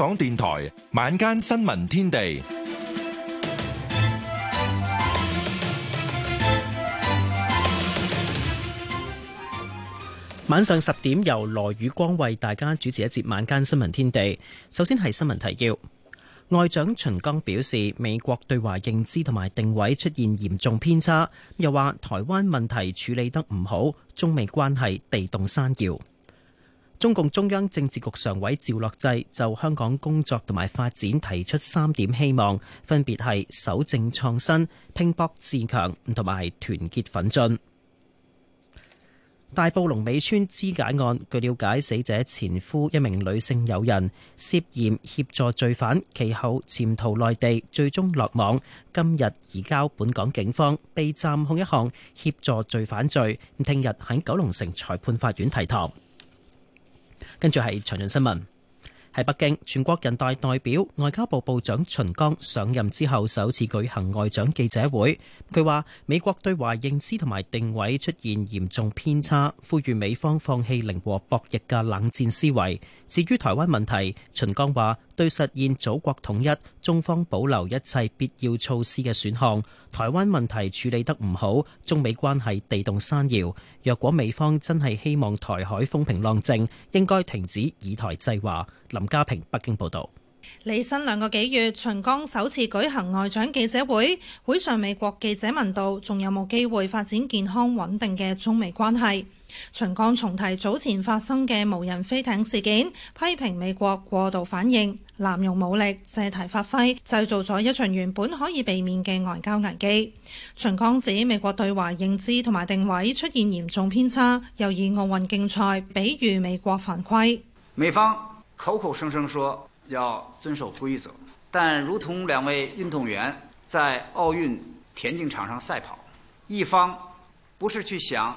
港電台晚間新聞天地，晚上十點由羅宇光為大家主持一節晚間新聞天地。首先係新聞提要，外長秦剛表示，美國對華認知同埋定位出現嚴重偏差，又話台灣問題處理得唔好，中美關係地動山搖。中共中央政治局常委趙樂際就香港工作同埋發展提出三點希望，分別係守正創新、拼搏自強，同埋團結奮進。大埔龍尾村肢解案，據了解，死者前夫一名女性友人涉嫌協助罪犯，其後潛逃內地，最終落網，今日移交本港警方，被暫控一項協助罪犯罪。聽日喺九龍城裁判法院提堂。跟住係詳盡新聞，喺北京，全國人大代表外交部部長秦剛上任之後首次舉行外長記者會，佢話美國對華認知同埋定位出現嚴重偏差，呼籲美方放棄零和博弈嘅冷戰思維。至於台灣問題，秦剛話。對實現祖國統一，中方保留一切必要措施嘅選項。台灣問題處理得唔好，中美關係地動山搖。若果美方真係希望台海風平浪靜，應該停止以台制華。林家平，北京報道。履新兩個幾月，秦剛首次舉行外長記者會，會上美國記者問到：仲有冇機會發展健康穩定嘅中美關係？秦剛重提早前發生嘅無人飛艇事件，批評美國過度反應、濫用武力、借題發揮，製造咗一場原本可以避免嘅外交危機。秦剛指美國對華認知同埋定位出現嚴重偏差，又以奧運競賽比喻美國犯規。美方口口聲聲說要遵守規則，但如同兩位運動員在奧運田徑場上賽跑，一方不是去想。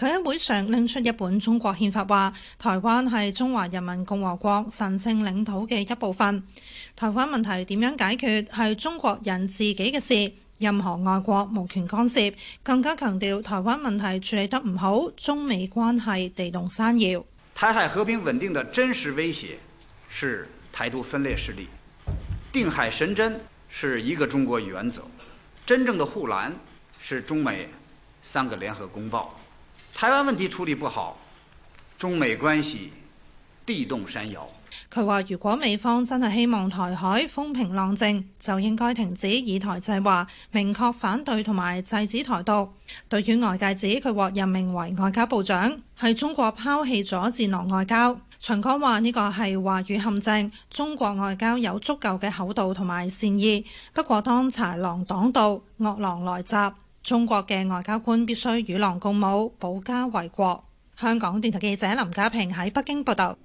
佢喺會上拎出一本中國憲法，話台灣係中華人民共和國神聖領土嘅一部分。台灣問題點樣解決係中國人自己嘅事，任何外國無權干涉。更加強調台灣問題處理得唔好，中美關係地動山搖。台海和平穩定嘅真實威脅是台獨分裂勢力。定海神針是一個中國原則，真正的護欄，是中美三個聯合公報。台灣問題處理不好，中美關係地動山搖。佢話：如果美方真係希望台海風平浪靜，就應該停止以台制華，明確反對同埋制止台獨。對於外界指佢獲任命為外交部長，係中國拋棄咗戰狼外交，秦剛話呢個係話語陷阱。中國外交有足夠嘅厚道同埋善意，不過當豺狼擋道，惡狼來襲。中國嘅外交官必須與狼共舞，保家衛國。香港電台記者林家平喺北京報道。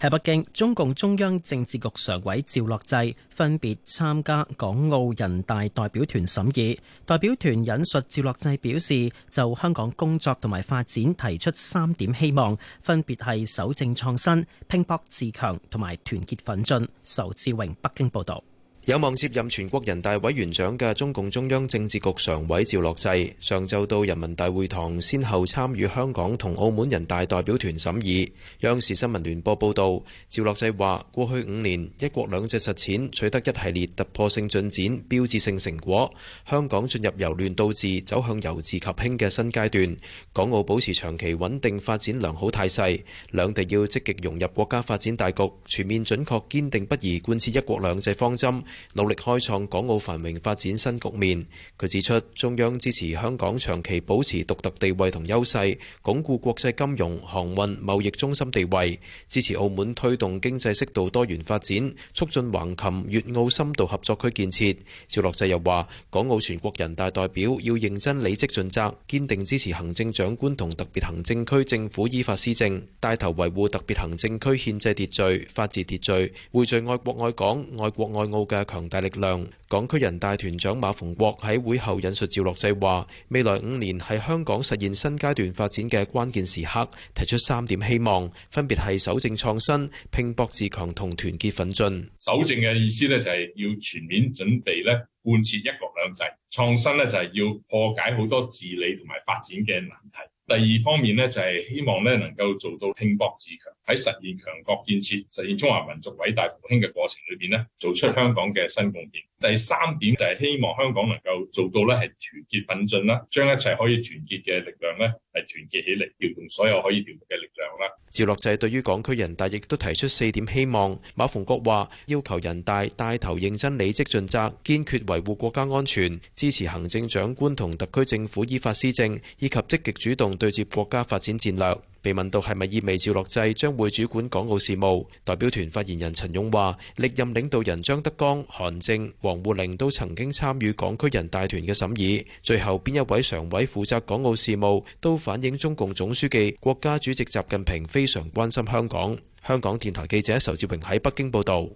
喺北京，中共中央政治局常委趙樂際分別參加港澳人大代表團審議。代表團引述趙樂際表示，就香港工作同埋發展提出三點希望，分別係守正創新、拼搏自強同埋團結奮進。仇志榮北京報道。有望接任全國人大委員長嘅中共中央政治局常委趙樂際，上晝到人民大會堂，先後參與香港同澳門人大代表團審議。央視新聞聯播報，報道，趙樂際話：過去五年，一國兩制實踐取得一系列突破性進展、標誌性成果。香港進入由亂到治、走向由治及興嘅新階段，港澳保持長期穩定發展良好態勢。兩地要積極融入國家發展大局，全面準確堅定不移貫徹一國兩制方針。努力開創港澳繁榮發展新局面。佢指出，中央支持香港長期保持獨特地位同優勢，鞏固國際金融、航運、貿易中心地位；支持澳門推動經濟適度多元發展，促進橫琴粵澳深度合作區建設。趙樂際又話：港澳全國人大代表要認真履職盡責，堅定支持行政長官同特別行政區政府依法施政，帶頭維護特別行政區憲制秩序、法治秩序，匯聚愛國愛港、愛國愛澳嘅強大力量，港區人大團長馬逢國喺會後引述趙樂際話，未來五年係香港實現新階段發展嘅關鍵時刻，提出三點希望，分別係守正創新、拼搏自強同團結奮進。守正嘅意思呢，就係要全面準備呢，貫徹一國兩制；創新呢，就係要破解好多治理同埋發展嘅難題。第二方面呢，就係希望呢能夠做到拼搏自強。喺實現強國建設、實現中華民族偉大復興嘅過程裏邊咧，做出香港嘅新貢獻。第三點就係希望香港能夠做到咧，係團結奮進啦，將一切可以團結嘅力量咧係團結起嚟，調動所有可以調動嘅力量啦。趙樂際對於港區人大亦都提出四點希望。馬逢國話：要求人大帶頭認真履職盡責，堅決維護國家安全，支持行政長官同特區政府依法施政，以及積極主動對接國家發展戰略。被問到係咪意味趙樂際將會主管港澳事務，代表團發言人陳勇話：歷任領導人張德江、韓正、王滬寧都曾經參與港區人大團嘅審議，最後邊一位常委負責港澳事務，都反映中共總書記、國家主席習近平非常關心香港。香港電台記者仇志榮喺北京報道。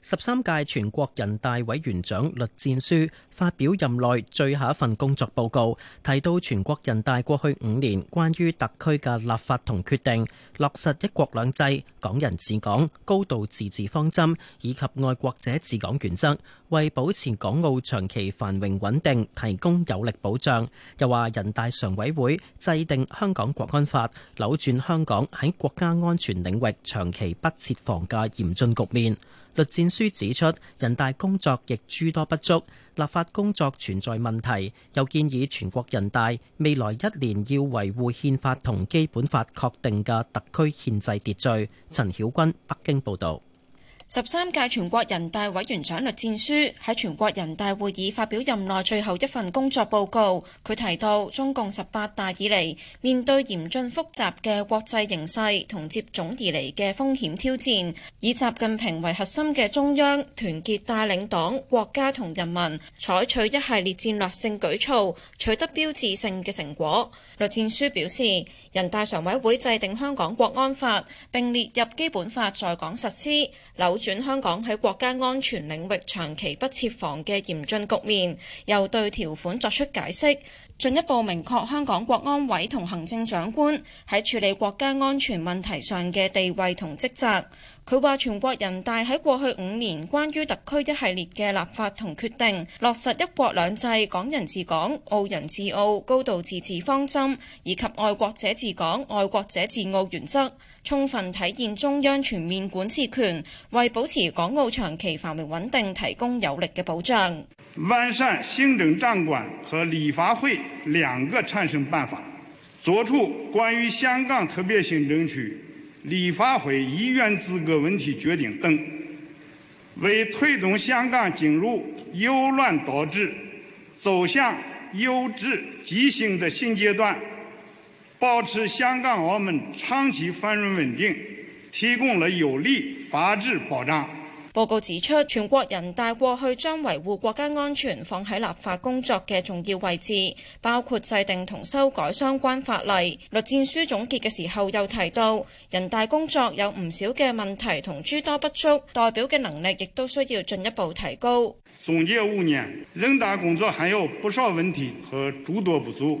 十三屆全國人大委員長栗戰書發表任內最後一份工作報告，提到全國人大過去五年關於特區嘅立法同決定，落實一國兩制、港人治港、高度自治方針以及愛國者治港原則，為保持港澳長期繁榮穩定提供有力保障。又話人大常委會制定香港國安法，扭轉香港喺國家安全領域長期不設防嘅嚴峻局面。栗戰書指出，人大工作亦諸多不足，立法工作存在問題，又建議全國人大未來一年要維護憲法同基本法確定嘅特區憲制秩序。陳曉君北京報導。十三屆全國人大委員長栗戰書喺全國人大會議發表任內最後一份工作報告，佢提到中共十八大以嚟，面對嚴峻複雜嘅國際形勢同接踵而嚟嘅風險挑戰，以習近平為核心嘅中央團結帶領黨、國家同人民，採取一系列戰略性舉措，取得標誌性嘅成果。栗戰書表示，人大常委會制定香港國安法並列入基本法在港實施，轉香港喺國家安全領域長期不設防嘅嚴峻局面，又對條款作出解釋，進一步明確香港國安委同行政長官喺處理國家安全問題上嘅地位同職責。佢話全國人大喺過去五年關於特區一系列嘅立法同決定，落實一國兩制、港人治港、澳人治澳、高度自治方針，以及愛國者治港、愛國者治澳原則。充分體現中央全面管治權，為保持港澳長期繁榮穩定提供有力的保障。完善行政長官和立法會兩個產生辦法，作出關於香港特別行政區立法會議員資格問題決定等，為推動香港進入由亂到治走向由治及興的新階段。保持香港澳門長期繁榮穩定，提供了有力法治保障。報告指出，全國人大過去將維護國家安全放喺立法工作嘅重要位置，包括制定同修改相關法例。栗戰書總結嘅時候又提到，人大工作有唔少嘅問題同諸多不足，代表嘅能力亦都需要進一步提高。總結五年，人大工作還有不少問題和諸多不足。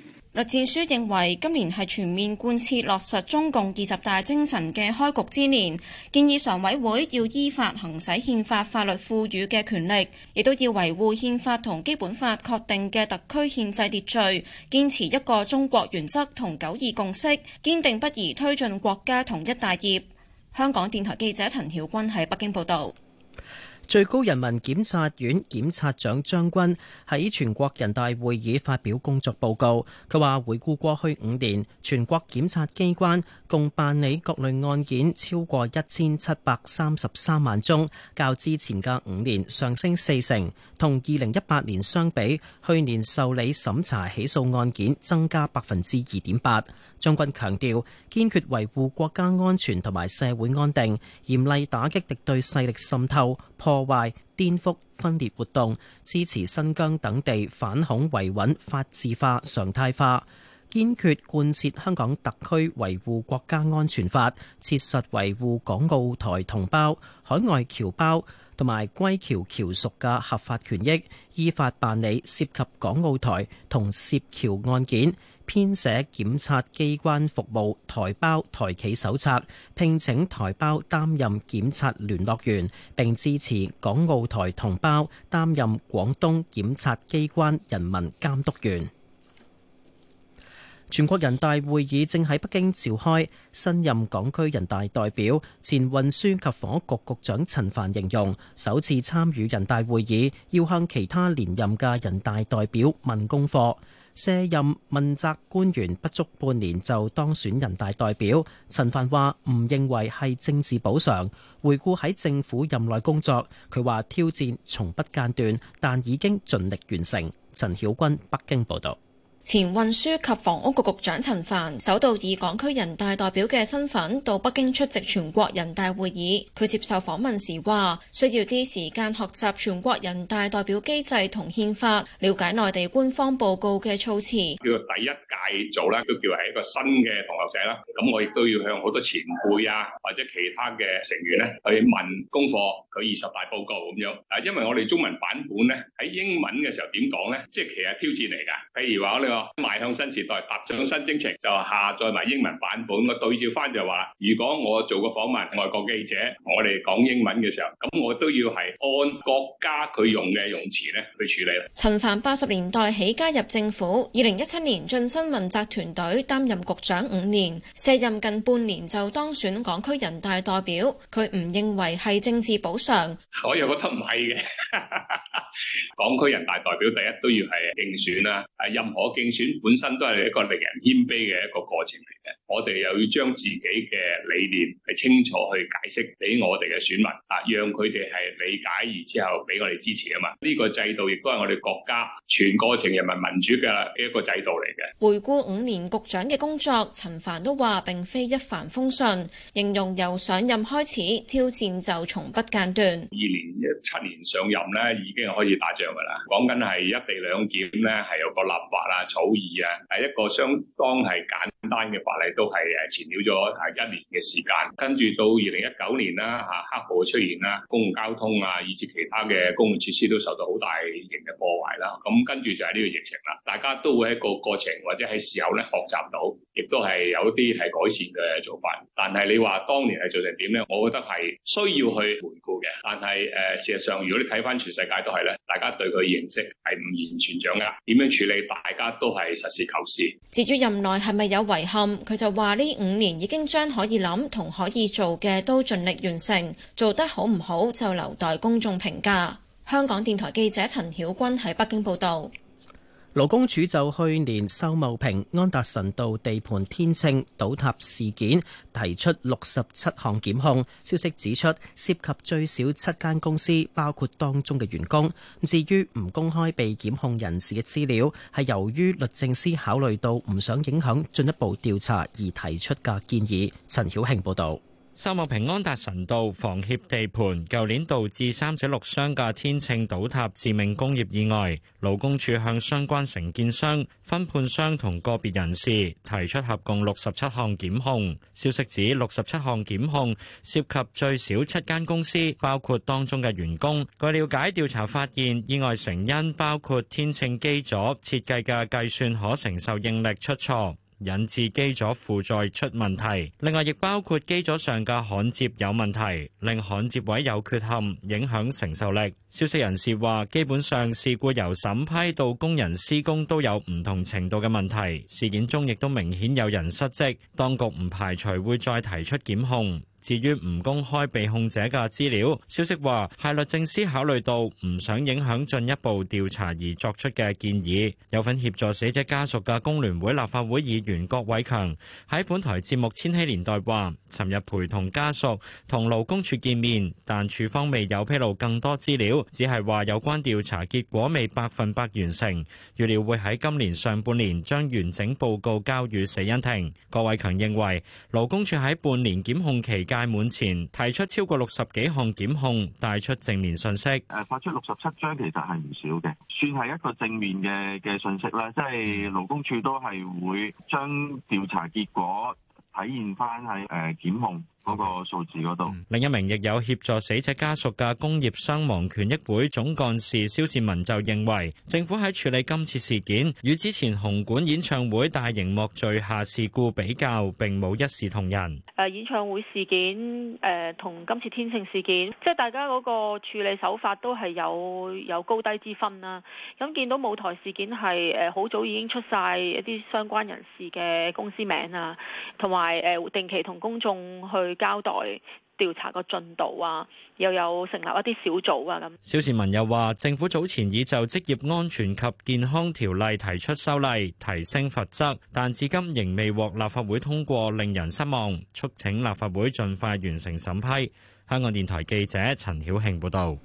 栗戰書認為今年係全面貫徹落實中共二十大精神嘅開局之年，建議常委會要依法行使憲法法律賦予嘅權力，亦都要維護憲法同基本法確定嘅特區憲制秩序，堅持一個中國原則同九二共識，堅定不移推進國家統一大業。香港電台記者陳曉君喺北京報道。最高人民檢察院檢察長張軍喺全國人大會議發表工作報告，佢話回顧過去五年，全國檢察機關共辦理各類案件超過一千七百三十三萬宗，較之前嘅五年上升四成，同二零一八年相比，去年受理審查起訴案件增加百分之二點八。張軍強調，堅決維護國家安全同埋社會安定，嚴厲打擊敵對勢力滲透破。破壞、顛覆、分裂活動，支持新疆等地反恐維穩法治化常態化，堅決貫徹香港特區維護國家安全法，切實維護港澳台同胞、海外僑胞同埋歸僑僑屬嘅合法權益，依法辦理涉及港澳台同涉僑案件。編寫檢察機關服務台胞台企手冊，聘請台胞擔任檢察聯絡員，並支持港澳台同胞擔任廣東檢察機關人民監督員。全國人大會議正喺北京召開，新任港區人大代表前運輸及房屋局局長陳帆形容，首次參與人大會議，要向其他連任嘅人大代表問功課。卸任問責官員不足半年就當選人大代表，陳帆話唔認為係政治補償。回顧喺政府任內工作，佢話挑戰從不間斷，但已經盡力完成。陳曉君北京報道。前運輸及房屋局局長陳帆首度以港區人大代表嘅身份到北京出席全國人大會議。佢接受訪問時話：需要啲時間學習全國人大代表機制同憲法，了解內地官方報告嘅措辭。叫個第一屆做咧，都叫係一個新嘅同學仔啦。咁我亦都要向好多前輩啊或者其他嘅成員咧去問功課。佢二十大報告咁樣。啊，因為我哋中文版本呢，喺英文嘅時候點講呢？即係其實挑戰嚟噶。譬如話賣向新時代，踏上新征程，就下載埋英文版本。我對照翻就話，如果我做個訪問外國記者，我哋講英文嘅時候，咁我都要係按國家佢用嘅用詞咧去處理。陳帆八十年代起加入政府，二零一七年晉身問責團隊，擔任局長五年，卸任近半年就當選港區人大代表。佢唔認為係政治補償，我又覺得唔係嘅。港區人大代表第一都要係競選啦，係任何競選本身都係一個令人謙卑嘅一個過程嚟嘅，我哋又要將自己嘅理念係清楚去解釋俾我哋嘅選民啊，讓佢哋係理解，然之後俾我哋支持啊嘛。呢個制度亦都係我哋國家全過程人民民主嘅一個制度嚟嘅。回顧五年局長嘅工作，陳凡都話並非一帆風順，形容由上任開始挑戰就從不間斷。二零一七年上任呢已經開始打仗㗎啦，講緊係一地兩檢呢，係有個立法啦。草擬啊，係一個相當係簡單嘅法例，都係誒前了咗誒一年嘅時間。跟住到二零一九年啦，嚇黑暴出現啦，公共交通啊，以至其他嘅公共設施都受到好大型嘅破壞啦。咁跟住就係呢個疫情啦，大家都會喺個過程或者喺時候咧學習到，亦都係有啲係改善嘅做法。但係你話當年係做成點咧？我覺得係需要去回顧嘅。但係誒、呃，事實上如果你睇翻全世界都係咧，大家對佢認識係唔完全掌握，點樣處理大家？都係實事求是。至於任內係咪有遺憾？佢就話：呢五年已經將可以諗同可以做嘅都盡力完成，做得好唔好就留待公眾評價。香港電台記者陳曉君喺北京報導。勞工處就去年秀茂坪安達臣道地盤天秤倒塌事件提出六十七項檢控。消息指出，涉及最少七間公司，包括當中嘅員工。至於唔公開被檢控人士嘅資料，係由於律政司考慮到唔想影響進一步調查而提出嘅建議。陳曉慶報導。秀茂坪安達臣道房協地盤，舊年導致三死六傷嘅天秤倒塌致命工業意外，勞工處向相關承建商、分判商同個別人士提出合共六十七項檢控。消息指六十七項檢控涉及最少七間公司，包括當中嘅員工。據了解，調查發現意外成因包括天秤機組設計嘅計算可承受應力出錯。引致機組負載出問題，另外亦包括機組上嘅焊接有問題，令焊接位有缺陷，影響承受力。消息人士話，基本上事故由審批到工人施工都有唔同程度嘅問題，事件中亦都明顯有人失職，當局唔排除會再提出檢控。至於唔公開被控者嘅資料，消息話係律政司考慮到唔想影響進一步調查而作出嘅建議。有份協助死者家屬嘅工聯會立法會議員郭偉強喺本台節目《千禧年代》話，尋日陪同家屬同勞工處見面，但處方未有披露更多資料，只係話有關調查結果未百分百完成，預料會喺今年上半年將完整報告交予死因庭。郭偉強認為勞工處喺半年檢控期屆滿前提出超過六十幾項檢控，帶出正面信息。誒，發出六十七張，其實係唔少嘅，算係一個正面嘅嘅信息啦。即係勞工處都係會將調查結果體現翻喺誒檢控嗰個數字嗰度，另一名亦有協助死者家屬嘅工業傷亡權益會總幹事蕭倩文就認為，政府喺處理今次事件與之前紅館演唱會大熒幕墜下事故比較，並冇一視同仁。誒演唱會事件誒同今次天盛事件，即係大家嗰個處理手法都係有有高低之分啦。咁見到舞台事件係誒好早已經出曬一啲相關人士嘅公司名啊，同埋誒定期同公眾去。去交代調查個進度啊，又有成立一啲小組啊咁。蕭市民又話，政府早前已就職業安全及健康條例提出修例，提升罰則，但至今仍未獲立法會通過，令人失望。促請立法會盡快完成審批。香港電台記者陳曉慶報道。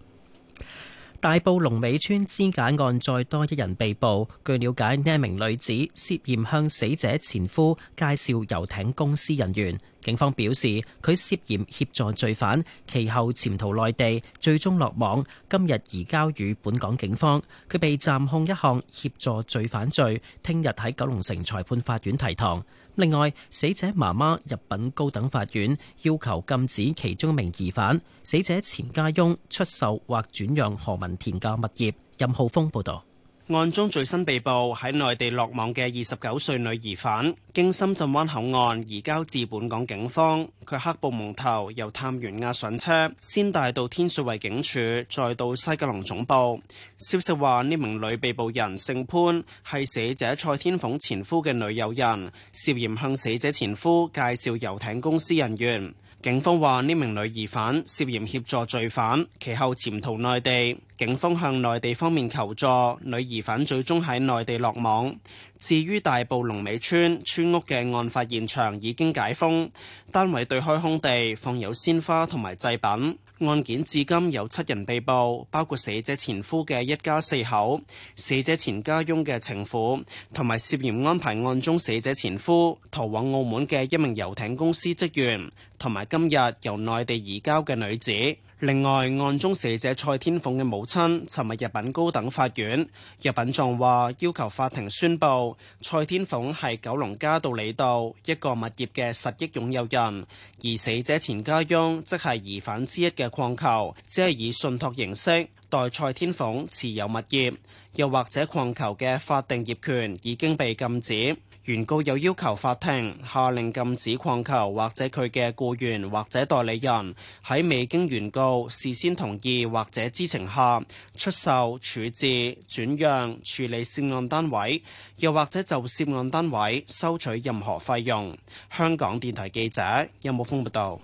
大埔龍尾村肢解案再多一人被捕。據了解，呢一名女子涉嫌向死者前夫介紹遊艇公司人員。警方表示，佢涉嫌協助罪犯，其後潛逃內地，最終落網。今日移交予本港警方，佢被暫控一項協助罪犯罪，聽日喺九龍城裁判法院提堂。另外，死者媽媽入稟高等法院，要求禁止其中一名疑犯死者錢家翁出售或轉讓何文田嘅物業。任浩峰報道。案中最新被捕喺內地落網嘅二十九歲女疑犯，經深圳灣口岸移交至本港警方。佢黑布蒙頭，由探員押上車，先帶到天水圍警署，再到西九龍總部。消息話呢名女被捕人姓潘，係死者蔡天鳳前夫嘅女友人，涉嫌向死者前夫介紹遊艇公司人員。警方話：呢名女疑犯涉嫌協助罪犯，其後潛逃內地。警方向內地方面求助，女疑犯最終喺內地落網。至於大埔龍尾村村屋嘅案發現場已經解封，單位對開空地放有鮮花同埋祭品。案件至今有七人被捕，包括死者前夫嘅一家四口、死者前家翁嘅情婦，同埋涉嫌安排案中死者前夫逃往澳門嘅一名遊艇公司職員，同埋今日由內地移交嘅女子。另外，案中死者蔡天鳳嘅母親尋日入禀高等法院，入禀狀話要求法庭宣布蔡天鳳係九龍嘉道理道一個物業嘅實益擁有人，而死者嘅家翁即係疑犯之一嘅鄺球，只係以信託形式代蔡天鳳持有物業，又或者鄺球嘅法定業權已經被禁止。原告又要求法庭下令禁止礦球或者佢嘅僱員或者代理人喺未經原告事先同意或者知情下出售、處置、轉讓、處理涉案單位，又或者就涉案單位收取任何費用。香港電台記者邱慕峰報道。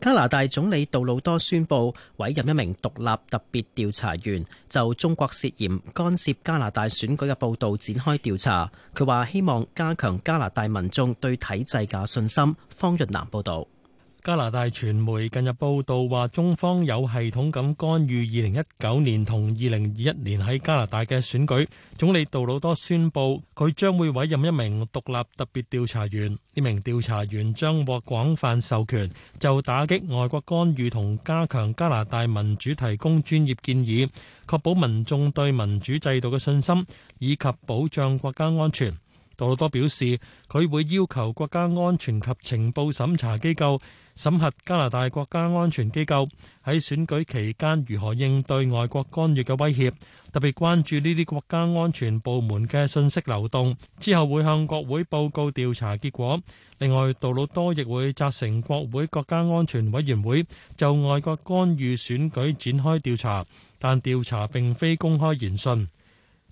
加拿大總理杜魯多宣布委任一名獨立特別調查員，就中國涉嫌干涉加拿大選舉嘅報道展開調查。佢話希望加強加拿大民眾對體制嘅信心。方潤南報道。加拿大傳媒近日報道話，中方有系統咁干預二零一九年同二零二一年喺加拿大嘅選舉。總理杜魯多宣布，佢將會委任一名獨立特別調查員，呢名調查員將獲廣泛授權，就打擊外國干預同加強加拿大民主提供專業建議，確保民眾對民主制度嘅信心，以及保障國家安全。杜魯多表示，佢會要求國家安全及情報審查機構。審核加拿大國家安全機構喺選舉期間如何應對外國干預嘅威脅，特別關注呢啲國家安全部門嘅信息流動。之後會向國會報告調查結果。另外，杜魯多亦會責成國會國家安全委員會就外國干預選舉展開調查，但調查並非公開聆訊。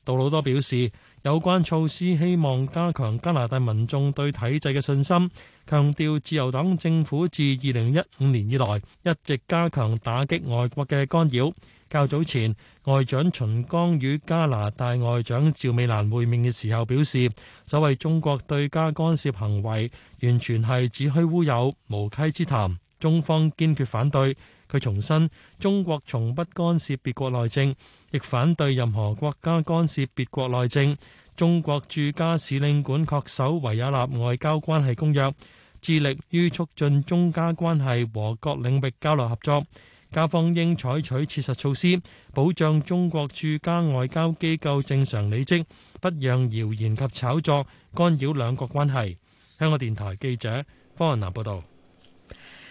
杜魯多表示，有關措施希望加強加拿大民眾對體制嘅信心，強調自由黨政府自二零一五年以來一直加強打擊外國嘅干擾。較早前，外長秦剛與加拿大外長趙美蘭會面嘅時候表示，所謂中國對加干涉行為完全係子虛烏有、無稽之談，中方堅決反對。佢重申，中國從不干涉別國內政。亦反對任何國家干涉別國內政。中國駐加使領館恪守維也納外交關係公約，致力於促進中加關係和各領域交流合作。加方應採取切實措施，保障中國駐加外交機構正常履職，不讓謠言及炒作干擾兩國關係，香港電台記者方雲南報道。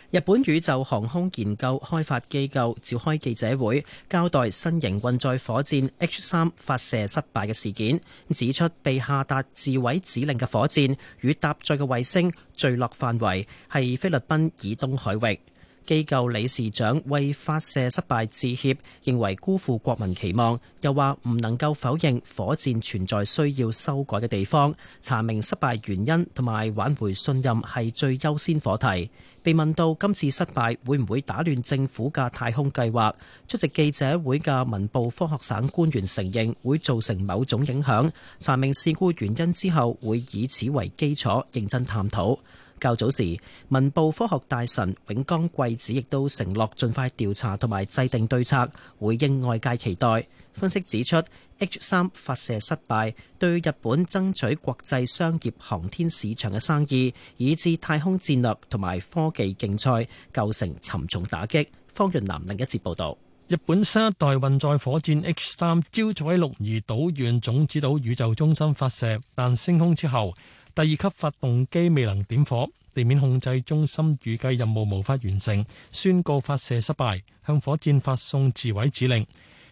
日本宇宙航空研究開發機構召開記者會，交代新型運載火箭 H 三發射失敗嘅事件，指出被下達自毀指令嘅火箭與搭載嘅衛星墜落範圍係菲律賓以東海域。機構理事長為發射失敗致歉，認為辜負國民期望，又話唔能夠否認火箭存在需要修改嘅地方，查明失敗原因同埋挽回信任係最優先課題。被問到今次失敗會唔會打亂政府嘅太空計劃，出席記者會嘅文部科學省官員承認會造成某種影響，查明事故原因之後會以此為基礎認真探討。較早時，文部科學大臣永岡桂子亦都承諾盡快調查同埋制定對策，回應外界期待。分析指出，H 三發射失敗，對日本爭取國際商業航天市場嘅生意，以致太空戰略同埋科技競賽，構成沉重打擊。方潤南另一節報導。日本新一代運載火箭 H 三朝早喺鹿兒島縣種子島宇宙中心發射，但升空之後，第二級發動機未能點火，地面控制中心預計任務無法完成，宣告發射失敗，向火箭發送自毀指令。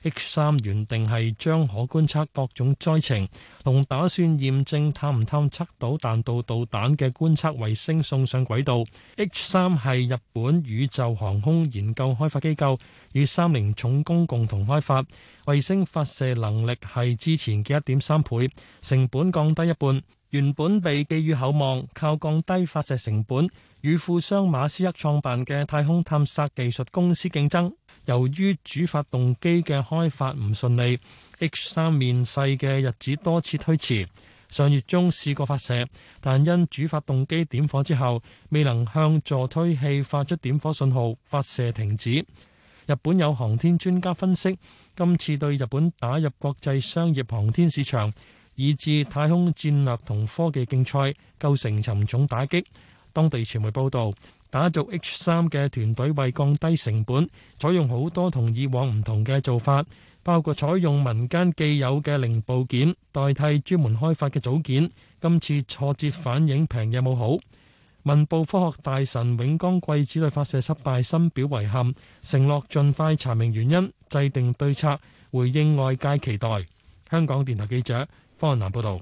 H 三原定係將可觀測各種災情，同打算驗證探唔探測到彈道導彈嘅觀測衛星送上軌道。H 三係日本宇宙航空研究開發機構與三菱重工共同開發，衛星發射能力係之前嘅一點三倍，成本降低一半。原本被寄予厚望，靠降低發射成本與富商馬斯克創辦嘅太空探索技術公司競爭。由於主發動機嘅開發唔順利，H 三面世嘅日子多次推遲。上月中試過發射，但因主發動機點火之後未能向助推器發出點火信號，發射停止。日本有航天專家分析，今次對日本打入國際商業航天市場，以致太空戰略同科技競賽構成沉重打擊。當地傳媒報導。打造 H 三嘅團隊為降低成本，採用好多同以往唔同嘅做法，包括採用民間既有嘅零部件代替專門開發嘅組件。今次挫折反應平有冇好，文部科學大臣永江貴子對發射失敗深表遺憾，承諾盡快查明原因，制定對策，回應外界期待。香港電台記者方南報道。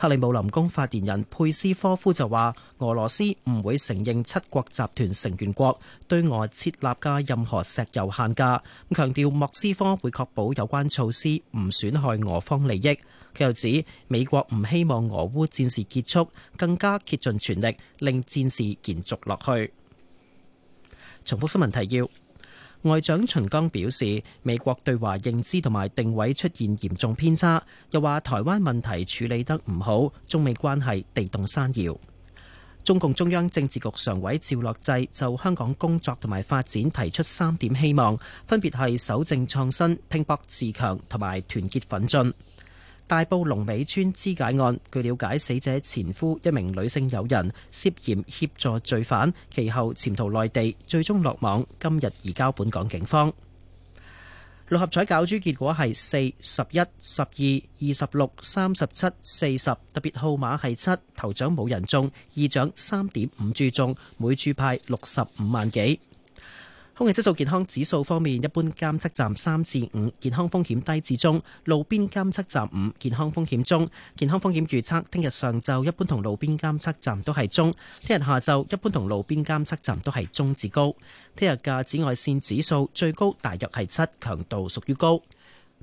克里姆林宮發言人佩斯科夫就話：俄羅斯唔會承認七國集團成員國對外設立嘅任何石油限價，咁強調莫斯科會確保有關措施唔損害俄方利益。佢又指美國唔希望俄烏戰事結束，更加竭盡全力令戰事延續落去。重複新聞提要。外長秦剛表示，美國對華認知同埋定位出現嚴重偏差，又話台灣問題處理得唔好，中美關係地動山搖。中共中央政治局常委趙樂際就香港工作同埋發展提出三點希望，分別係守正創新、拼搏自強同埋團結奮進。大埔龍尾村肢解案，據了解，死者前夫一名女性友人涉嫌協助罪犯，其後潛逃內地，最終落網，今日移交本港警方。六合彩攪珠結果係四、十一、十二、二十六、三十七、四十，特別號碼係七，頭獎冇人中，二獎三點五注中，每注派六十五萬幾。空氣質素健康指數方面，一般監測站三至五，健康風險低至中；路邊監測站五，健康風險中。健康風險預測：聽日上晝一般同路邊監測站都係中；聽日下晝一般同路邊監測站都係中至高。聽日嘅紫外線指數最高大約係七，強度屬於高。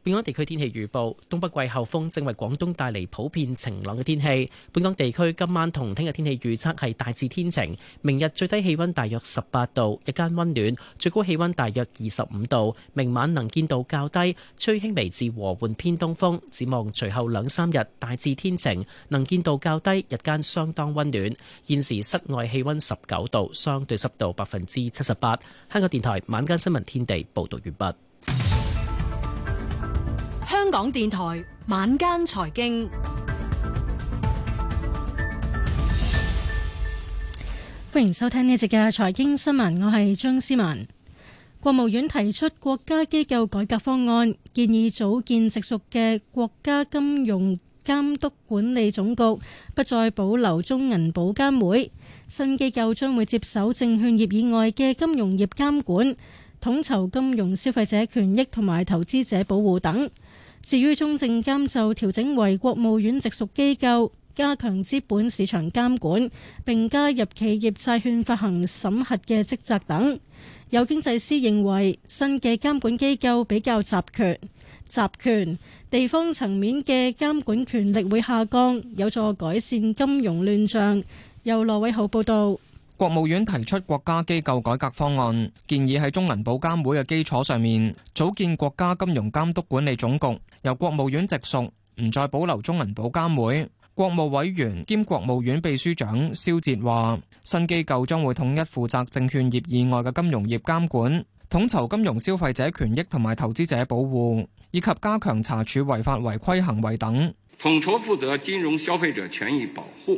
本港地區天氣預報：東北季候風正為廣東帶嚟普遍晴朗嘅天氣。本港地區今晚同聽日天氣預測係大致天晴，明日最低氣溫大約十八度，日間溫暖，最高氣溫大約二十五度。明晚能見度較低，吹輕微至和緩偏東風。展望隨後兩三日大致天晴，能見度較低，日間相當溫暖。現時室外氣溫十九度，相對濕度百分之七十八。香港電台晚間新聞天地報道完畢。香港電台晚間財經，歡迎收聽呢一節嘅財經新聞。我係張思文。國務院提出國家機構改革方案，建議組建直屬嘅國家金融監督管理總局，不再保留中銀保監會。新機構將會接手證券業以外嘅金融業監管，統籌金融消費者權益同埋投資者保護等。至於中證監就調整為國務院直屬機構，加強資本市場監管，並加入企業債券發行審核嘅職責等。有經濟師認為，新嘅監管機構比較集權，集權地方層面嘅監管權力會下降，有助改善金融亂象。由羅偉豪報導。國務院提出國家機構改革方案，建議喺中銀保監會嘅基礎上面，組建國家金融監督管理總局，由國務院直屬，唔再保留中銀保監會。國務委員兼國務院秘書長肖捷話：新機構將會統一負責證券業以外嘅金融業監管，統籌金融消費者權益同埋投資者保護，以及加強查處違法違規行為等，統籌負責金融消費者權益保護。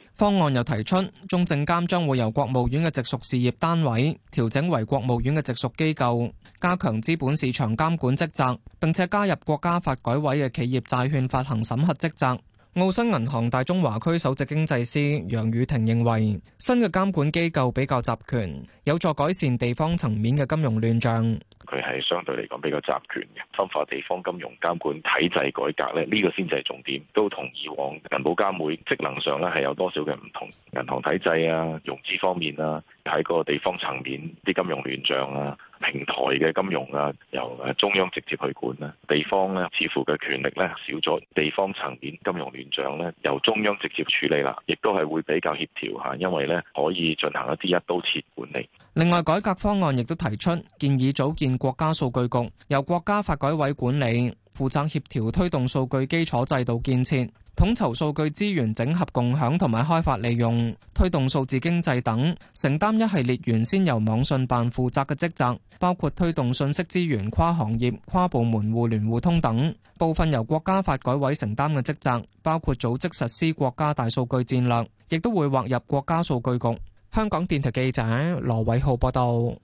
方案又提出，中證監將會由國務院嘅直屬事業單位調整為國務院嘅直屬機構，加強資本市場監管職責，並且加入國家發改委嘅企業債券發行審核職責。澳新銀行大中華區首席經濟師楊雨婷認為，新嘅監管機構比較集權，有助改善地方層面嘅金融亂象。佢係相對嚟講比較集權嘅，深化地方金融監管體制改革咧，呢個先至係重點，都同以往銀保監會職能上咧係有多少嘅唔同，銀行體制啊、融資方面啊。喺個地方層面，啲金融亂象啊，平台嘅金融啊，由誒中央直接去管啦。地方咧，似乎嘅權力咧少咗，地方層面金融亂象咧，由中央直接處理啦，亦都係會比較協調吓，因為咧可以進行一啲一刀切管理。另外，改革方案亦都提出建議組建國家數據局，由國家發改委管理，負責協調推動數據基礎制度建設。統籌數據資源整合共享同埋開發利用，推動數字經濟等，承擔一系列原先由網信辦負責嘅職責，包括推動信息資源跨行業、跨部門互聯互通等；部分由國家發改委承擔嘅職責，包括組織實施國家大數據戰略，亦都會劃入國家數據局。香港電台記者羅偉浩報道。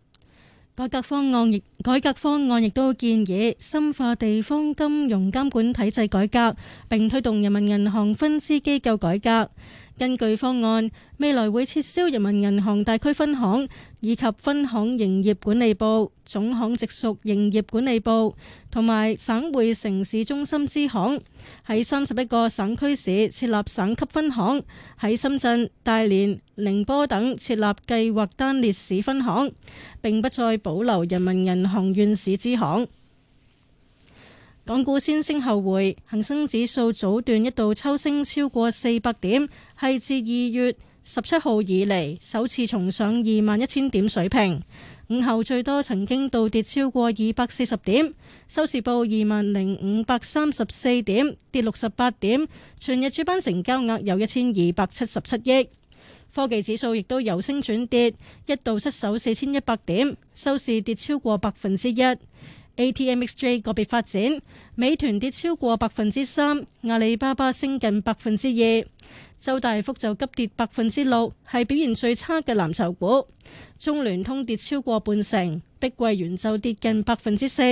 改革方案亦改革方案亦都建議深化地方金融監管體制改革，並推動人民銀行分支機構改革。根據方案，未來會撤銷人民銀行大區分行以及分行營業管理部，總行直屬營業管理部，同埋省會城市中心支行，喺三十一個省區市設立省級分行，喺深圳、大連、寧波等設立計劃單列市分行，並不再保留人民銀行縣市支行。港股先升後回，恒生指數早段一度抽升超過四百點，係自二月十七號以嚟首次重上二萬一千點水平。午後最多曾經倒跌超過二百四十點，收市報二萬零五百三十四點，跌六十八點。全日主板成交額有一千二百七十七億。科技指數亦都由升轉跌，一度失守四千一百點，收市跌超過百分之一。ATMXJ 個別發展，美團跌超過百分之三，阿里巴巴升近百分之二，周大福就急跌百分之六，係表現最差嘅藍籌股。中聯通跌超過半成，碧桂園就跌近百分之四。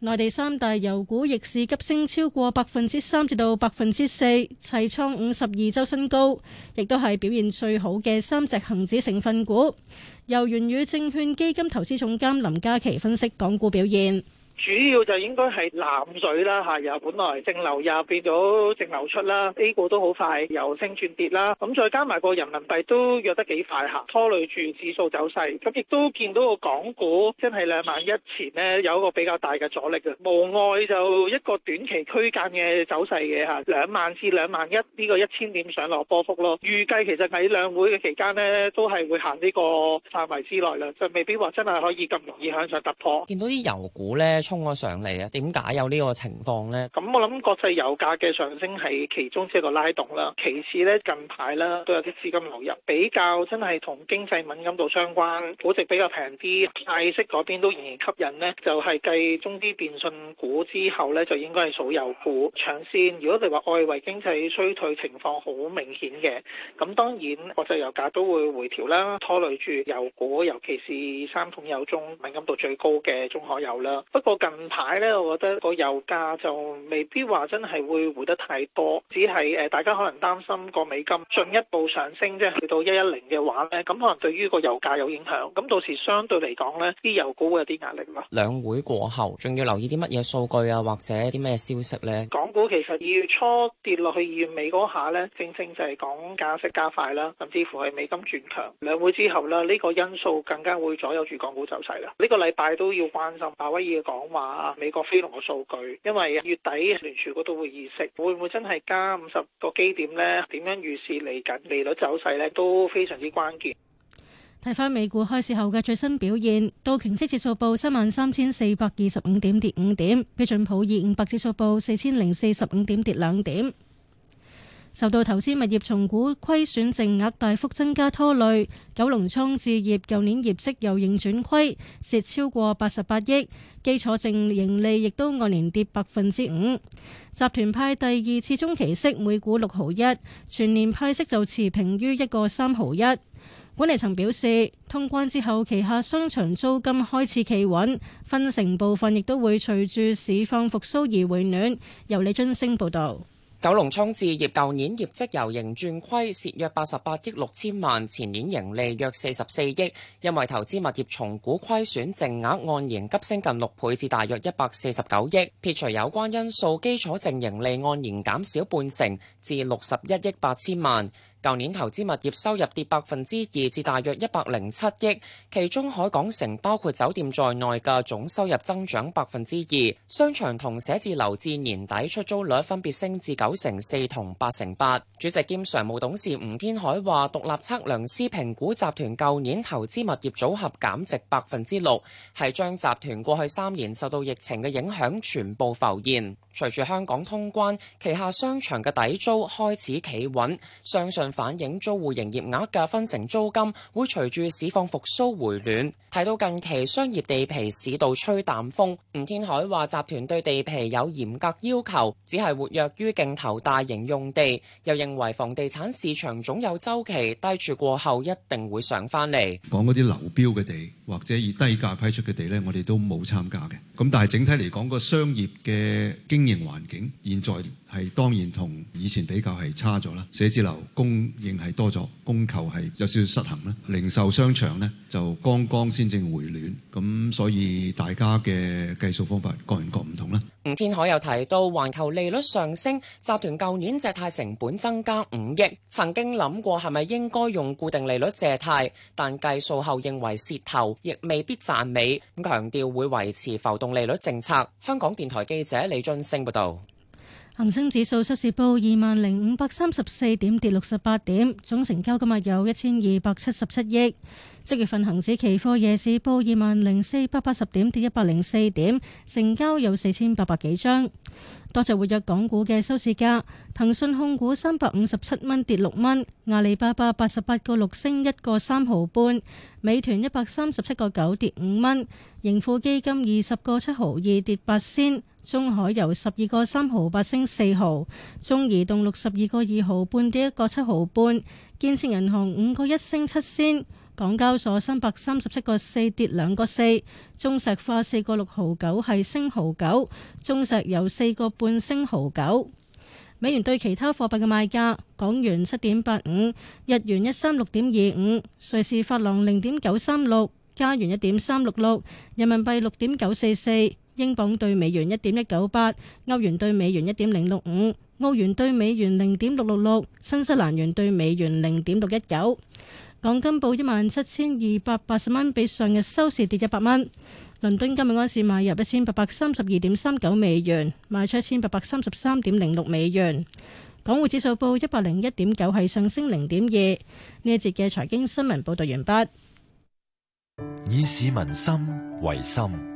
內地三大油股逆市急升超過百分之三至到百分之四，齊創五十二週新高，亦都係表現最好嘅三隻恒指成分股。由元宇證券基金投資總監林嘉琪分析港股表現。主要就應該係南水啦，嚇又本來淨流入變咗淨流出啦，A 股都好快由升轉跌啦，咁再加埋個人民幣都弱得幾快嚇，拖累住指數走勢，咁亦都見到個港股真係兩萬一前呢，有一個比較大嘅阻力嘅，無外就一個短期區間嘅走勢嘅嚇，兩萬至兩萬一呢個一千點上落波幅咯，預計其實喺兩會嘅期間呢，都係會行呢個範圍之內啦，就未必話真係可以咁容易向上突破。見到啲油股呢。衝咗上嚟啊！點解有呢個情況呢？咁我諗國際油價嘅上升係其中一個拉動啦。其次咧，近排咧都有啲資金流入，比較真係同經濟敏感度相關，估值比較平啲，派息嗰邊都仍然吸引呢就係、是、繼中資電信股之後咧，就應該係數油股搶先。如果你話外圍經濟衰退情況好明顯嘅，咁當然國際油價都會回調啦，拖累住油股，尤其是三桶油中敏感度最高嘅中海油啦。不過，近排咧，我覺得個油價就未必話真係會回得太多，只係誒大家可能擔心個美金進一步上升，即係去到一一零嘅話咧，咁可能對於個油價有影響。咁到時相對嚟講咧，啲油股會有啲壓力咯。兩會過後，仲要留意啲乜嘢數據啊，或者啲咩消息咧？港股其實二月初跌落去二月尾嗰下咧，正正就係講加息加快啦，甚至乎係美金轉強。兩會之後啦，呢個因素更加會左右住港股走勢啦。呢個禮拜都要關心鮑威爾講。話美國非農嘅數據，因為月底聯儲局都會議息，會唔會真係加五十個基點呢？點樣預示嚟緊利率走勢呢？都非常之關鍵。睇翻美股開市後嘅最新表現，道瓊斯指數報三萬三千四百二十五點跌五點，標準普爾五百指數報四千零四十五點跌兩點。受到投資物業重估虧損淨額大幅增加拖累，九龍倉置業舊年業績由盈轉虧，蝕超過八十八億，基礎淨盈利亦都按年跌百分之五。集團派第二次中期息每股六毫一，全年派息就持平於一個三毫一。管理層表示，通關之後旗下商場租金開始企穩，分成部分亦都會隨住市況復甦而回暖。由李津升報導。九龍倉置業舊年業績由盈轉虧，蝕約八十八億六千萬，前年盈利約四十四億，因為投資物業重估虧損淨額按年急升近六倍至大約一百四十九億，撇除有關因素，基礎淨盈利按年減少半成至六十一億八千萬。舊年投資物業收入跌百分之二，至大約一百零七億。其中海港城包括酒店在內嘅總收入增長百分之二。商場同寫字樓至年底出租率分別升至九成四同八成八。主席兼常務董事吳天海話，獨立測量師評估集團舊年投資物業組合減值百分之六，係將集團過去三年受到疫情嘅影響全部浮現。隨住香港通關，旗下商場嘅底租開始企穩，相信反映租戶營業額嘅分成租金會隨住市況復甦回暖。睇到近期商業地皮市道吹淡風，吳天海話集團對地皮有嚴格要求，只係活躍於競投大型用地。又認為房地產市場總有周期，低住過後一定會上翻嚟。講嗰啲流標嘅地或者以低價批出嘅地，呢我哋都冇參加嘅。咁但係整體嚟講，個商業嘅經營環境現在。係當然同以前比較係差咗啦。寫字樓供應係多咗，供求係有少少失衡啦。零售商場呢就剛剛先正回暖，咁所以大家嘅計數方法各人各唔同啦。吳天海又提到，環球利率上升，集團舊年借貸成本增加五億，曾經諗過係咪應該用固定利率借貸，但計數後認為蝕頭，亦未必讚美咁，強調會維持浮動利率政策。香港電台記者李俊升報導。恒生指數收市報二萬零五百三十四點，跌六十八點，總成交今日有一千二百七十七億。即月份恒指期貨夜市報二萬零四百八十點，跌一百零四點，成交有四千八百幾張。多隻活躍港股嘅收市價：騰訊控股三百五十七蚊，跌六蚊；阿里巴巴八十八個六升一個三毫半；美團一百三十七個九跌五蚊；盈富基金二十個七毫二跌八仙。中海油十二個三毫八升四毫，中移動六十二個二毫半跌一個七毫半，建設銀行五個一升七仙，港交所三百三十七個四跌兩個四，中石化四個六毫九係升毫九，中石油四個半升毫九。美元對其他貨幣嘅賣價：港元七點八五，日元一三六點二五，瑞士法郎零點九三六，加元一點三六六，人民幣六點九四四。英鎊兌美元一點一九八，歐元兌美元一點零六五，澳元兌美元零點六六六，新西蘭元兌美元零點六一九。港金報一萬七千二百八十蚊，比上日收市跌一百蚊。倫敦今日晏市買入一千八百三十二點三九美元，賣出一千八百三十三點零六美元。港匯指數報一百零一點九，係上升零點二。呢一節嘅財經新聞報道完畢。以市民心為心。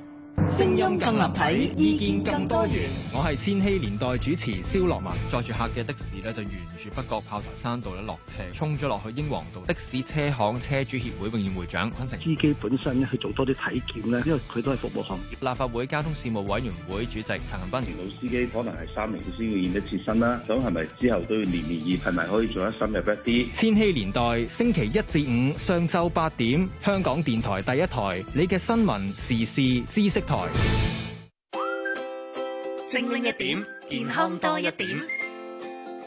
聲音更立體，意見更多元。我係千禧年代主持蕭樂文，載住客嘅的,的士呢，就沿住北角炮台山道咧落斜，衝咗落去英皇道。的士車行車主協會永遠會長昆成司機本身咧去做多啲體檢呢，因為佢都係服務行業。立法會交通事務委員會主席陳恒鑌，老司機可能係三年先要驗一次身啦，咁係咪之後都要年年二？係咪可以做得深入一啲？嗯、千禧年代星期一至五上晝八點，香港電台第一台，你嘅新聞時事知識。精靈一點，健康多一點。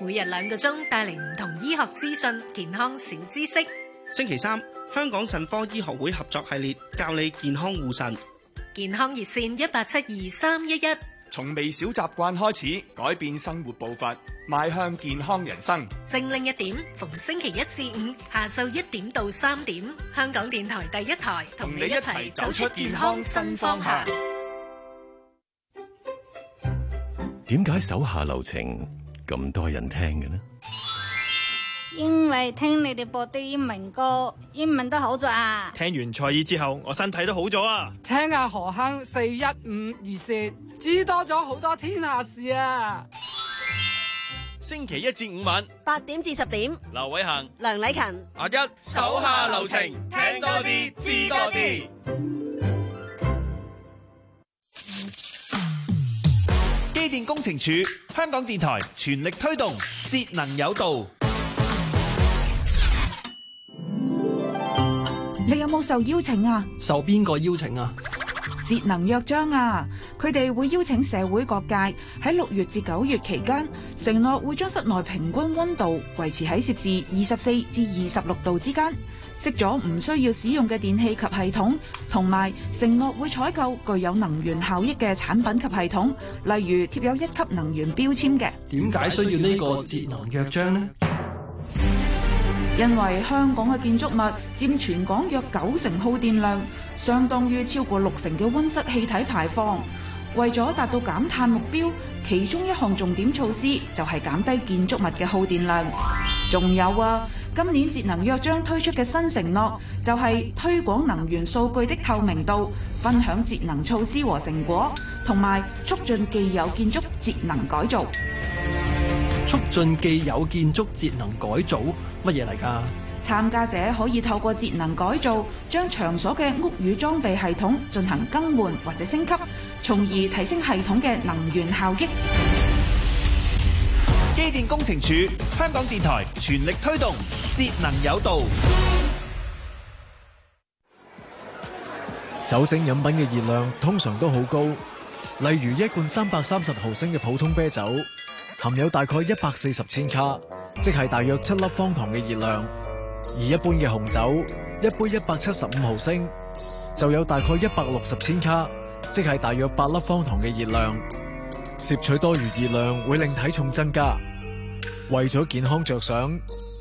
每日兩個鐘，帶嚟唔同醫學資訊、健康小知識。星期三，香港腎科醫學會合作系列，教你健康護腎。健康熱線，一八七二三一一。從微小習慣開始，改變生活步伐。邁向健康人生，精靈一點，逢星期一至五下晝一點到三點，香港電台第一台同你一齊走出健康新方向。點解手下留情咁多人聽嘅呢？因為聽你哋播啲英文歌，英文都好咗啊！聽完蔡依之後，我身體都好咗啊！聽下何坑四一五如說，知多咗好多天下事啊！星期一至五晚八點至十點，劉偉恆、梁禮勤。阿一手下留情，聽多啲，知多啲。機電工程處、香港電台全力推動節能有道。你有冇受邀請啊？受邊個邀請啊？節能約章啊！佢哋會邀請社會各界喺六月至九月期間，承諾會將室內平均溫度維持喺攝氏二十四至二十六度之間，熄咗唔需要使用嘅電器及系統，同埋承諾會採購具有能源效益嘅產品及系統，例如貼有一級能源標籤嘅。點解需要呢個節能約章呢？因為香港嘅建築物佔全港約九成耗電量，相當於超過六成嘅溫室氣體排放。為咗達到減碳目標，其中一項重點措施就係減低建築物嘅耗電量。仲有啊，今年節能約章將推出嘅新承諾就係推廣能源數據的透明度、分享節能措施和成果，同埋促進既有建築節能改造。促進既有建築節能改造，乜嘢嚟噶？參加者可以透過節能改造，將場所嘅屋宇裝備系統進行更換或者升級，從而提升系統嘅能源效益。機電工程署，香港電台全力推動節能有道。酒精飲品嘅熱量通常都好高，例如一罐三百三十毫升嘅普通啤酒。含有大概一百四十千卡，即係大約七粒方糖嘅熱量。而一般嘅紅酒，一杯一百七十五毫升，就有大概一百六十千卡，即係大約八粒方糖嘅熱量。攝取多餘熱量會令體重增加。為咗健康着想，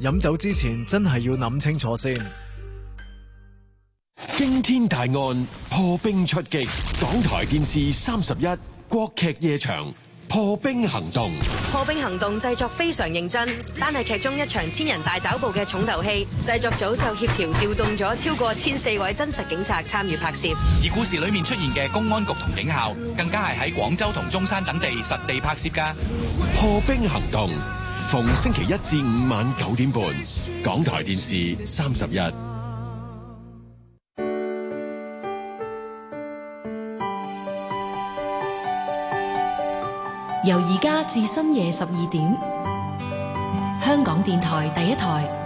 飲酒之前真係要諗清楚先。驚天大案破冰出擊，港台電視三十一，國劇夜場。破冰行動，破冰行動製作非常認真，但係劇中一場千人大抓捕嘅重頭戲，製作組就協調調動咗超過千四位真實警察參與拍攝。而故事裏面出現嘅公安局同警校，更加係喺廣州同中山等地實地拍攝㗎。破冰行動，逢星期一至五晚九點半，港台電視三十一。由而家至深夜十二點，香港電台第一台。